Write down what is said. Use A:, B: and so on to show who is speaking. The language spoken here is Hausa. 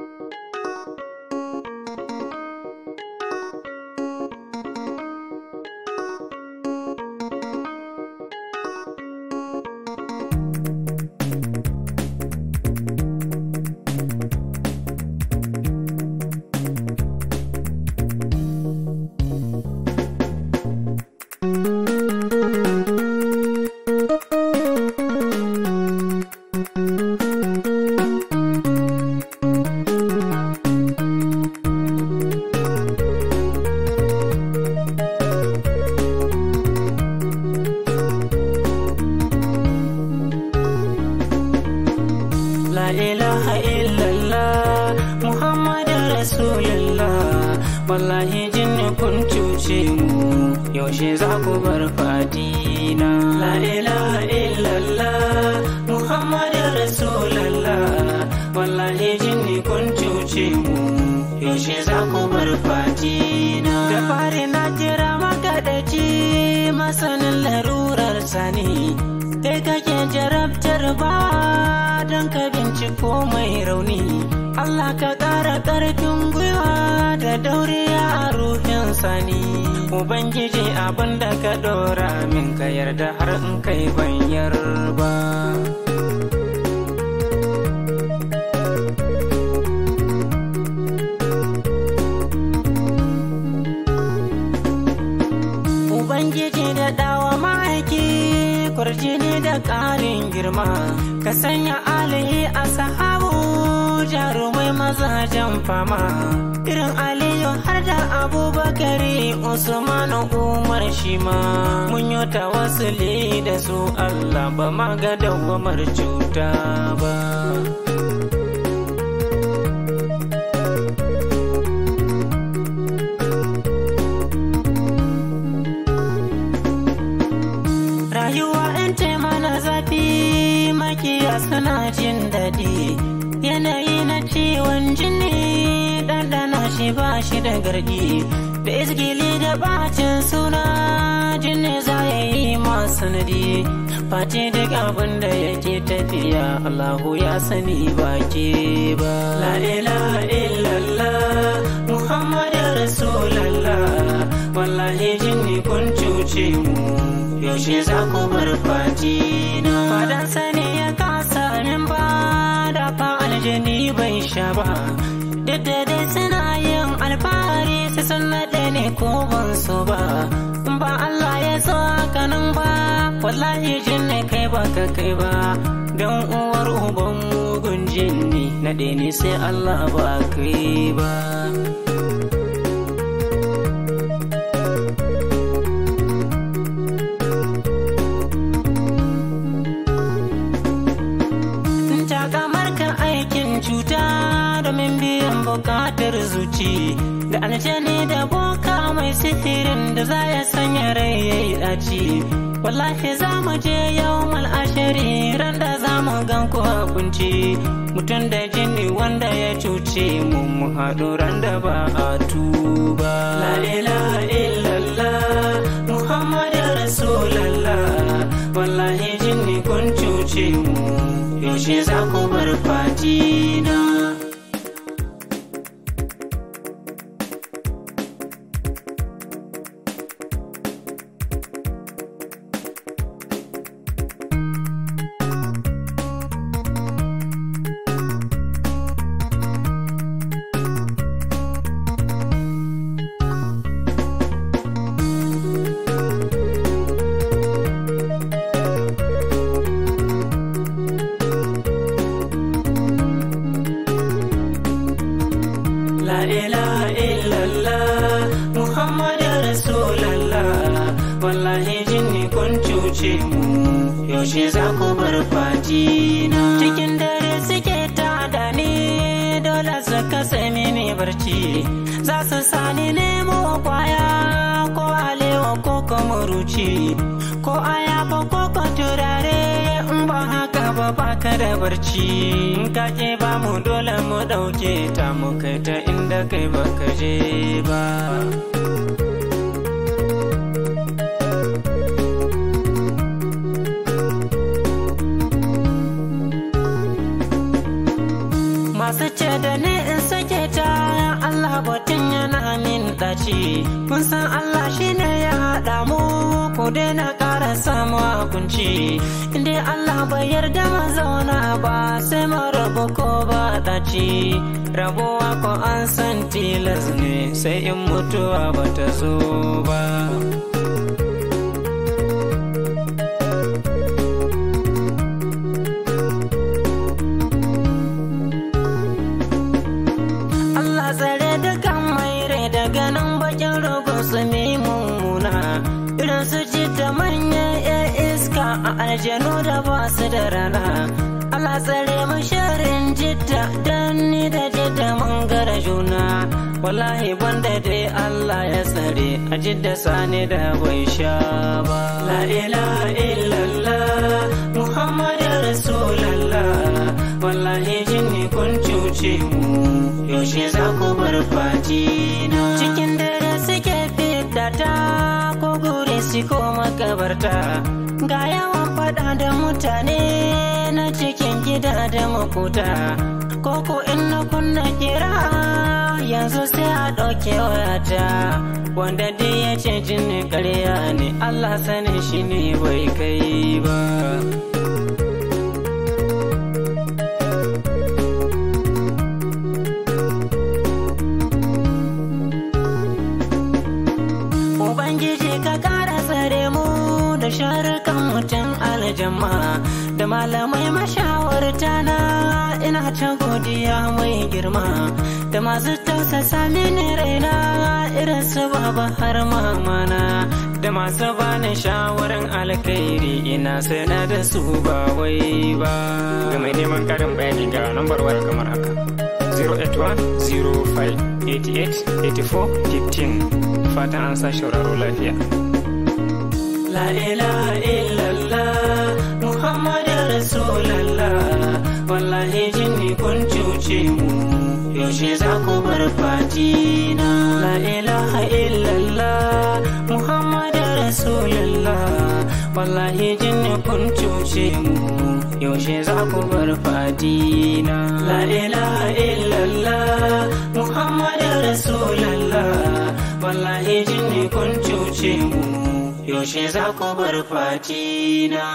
A: Thank you. La ilaha illallah Muhammadu Rasulullah Wallahi jin kun cuce mu yaushe za ku bar fadina La ilaha illallah Muhammadu Rasulullah Wallahi jin kun cuce mu yaushe za ku bar fadina Da fari na jira makaɗaci masanin larurar sani kai kake jarabtar ba don ka bi komai rauni Allah ka ƙara ƙarfin gwiwa da dauriya a ruhin sani Ubangiji abin da ka ɗora min ka yarda har in kai ban yarba. girma ka sanya alihi a sahabu jarumai mazajen fama irin aliyu har da abubakari usmanu umar shi ma mun yi da su allah ba ma ga dawamar cuta ba makiya suna jin daɗi yanayi na ciwon jini ɗanɗana shi ba shi da gargi da izgili da bacin suna jini za ya yi masu nadi face duk abin da yake tafiya Allahu ya sani ba ke ba la muhammad ya rasu lalla wallahi jini kun cuce mu yaushe za ku bar na fadan sani jini bai sha ba duk da dai suna yin alfahari su sun naɗe ne ko ban so ba ba Allah ya so kanin ba wallahi ne kai ba ka kai ba don uwar uban mugun jini naɗe ne sai Allah ba kai ba. Jani da boka mai sihirin da za ya sanya rai ya yi ɗaci wallahi za mu je yau mal ashiri ran da za mu gan ku kunci mutum da jini wanda ya cuce mu mu haɗu ran da ba a tuba la Muhammad ya muhammadu lalla. wallahi jini kun cuce mu yaushe za ku bar fatina Muhammad Rasulallah wallahi jinni kun cuce mu yaushe za ku bar na. cikin dare suke tada ni dole su kasa mini barci za su sani nemo kwaya ko alewa ko kamaruci ko aya ko turare in ba haka ba da barci in ka ke ba mu dole mu dauke ta mu kai ta inda kai baka je ba. mun san Allah ne ya haɗa mu ko dai na ƙara samu kunci inda Allah bai yarda mu zauna ba sai mu rabu ko ba ɗaci rabuwa ko an san tilas ne sai in mutuwa bata zo ba. azumi mummuna irin su ji ta ya iska a aljanu da ba su da rana Allah tsare mu sharin jidda dan ni da jidda mun gara juna wallahi banda dai Allah ya tsare a jidda sani da bai sha ba la ilaha illallah muhammadin rasulullah wallahi jinni kun cuce mu yaushe za ku bar fatina cikin ta ko gure shi ko makabarta ga yawan faɗa da mutane na cikin gida da makuta ko ko in na kunna kira yanzu sai a ɗauke wayata wanda dai ya ce jini ƙarya ne Allah sanin shi ne bai kai ba. ina ta godiya mai girma da masu tausasa ne raina irin su baba har mamana da masu bani shawaran alkairi ina sana da su ba wai ba ga mai neman karin bayani ga lambar waya kamar haka 081 0588 88 84 15 fatan an sa shauraro lafiya La ilaha illallah Muhammadu Rasulallah wallahi madina la ilaha illallah muhammadu rasulullah wallahi jinni kun cuce mu yaushe za ku bar fadina la ilaha illallah muhammadu rasulullah wallahi jinni kun cuce mu yaushe za ku bar fadina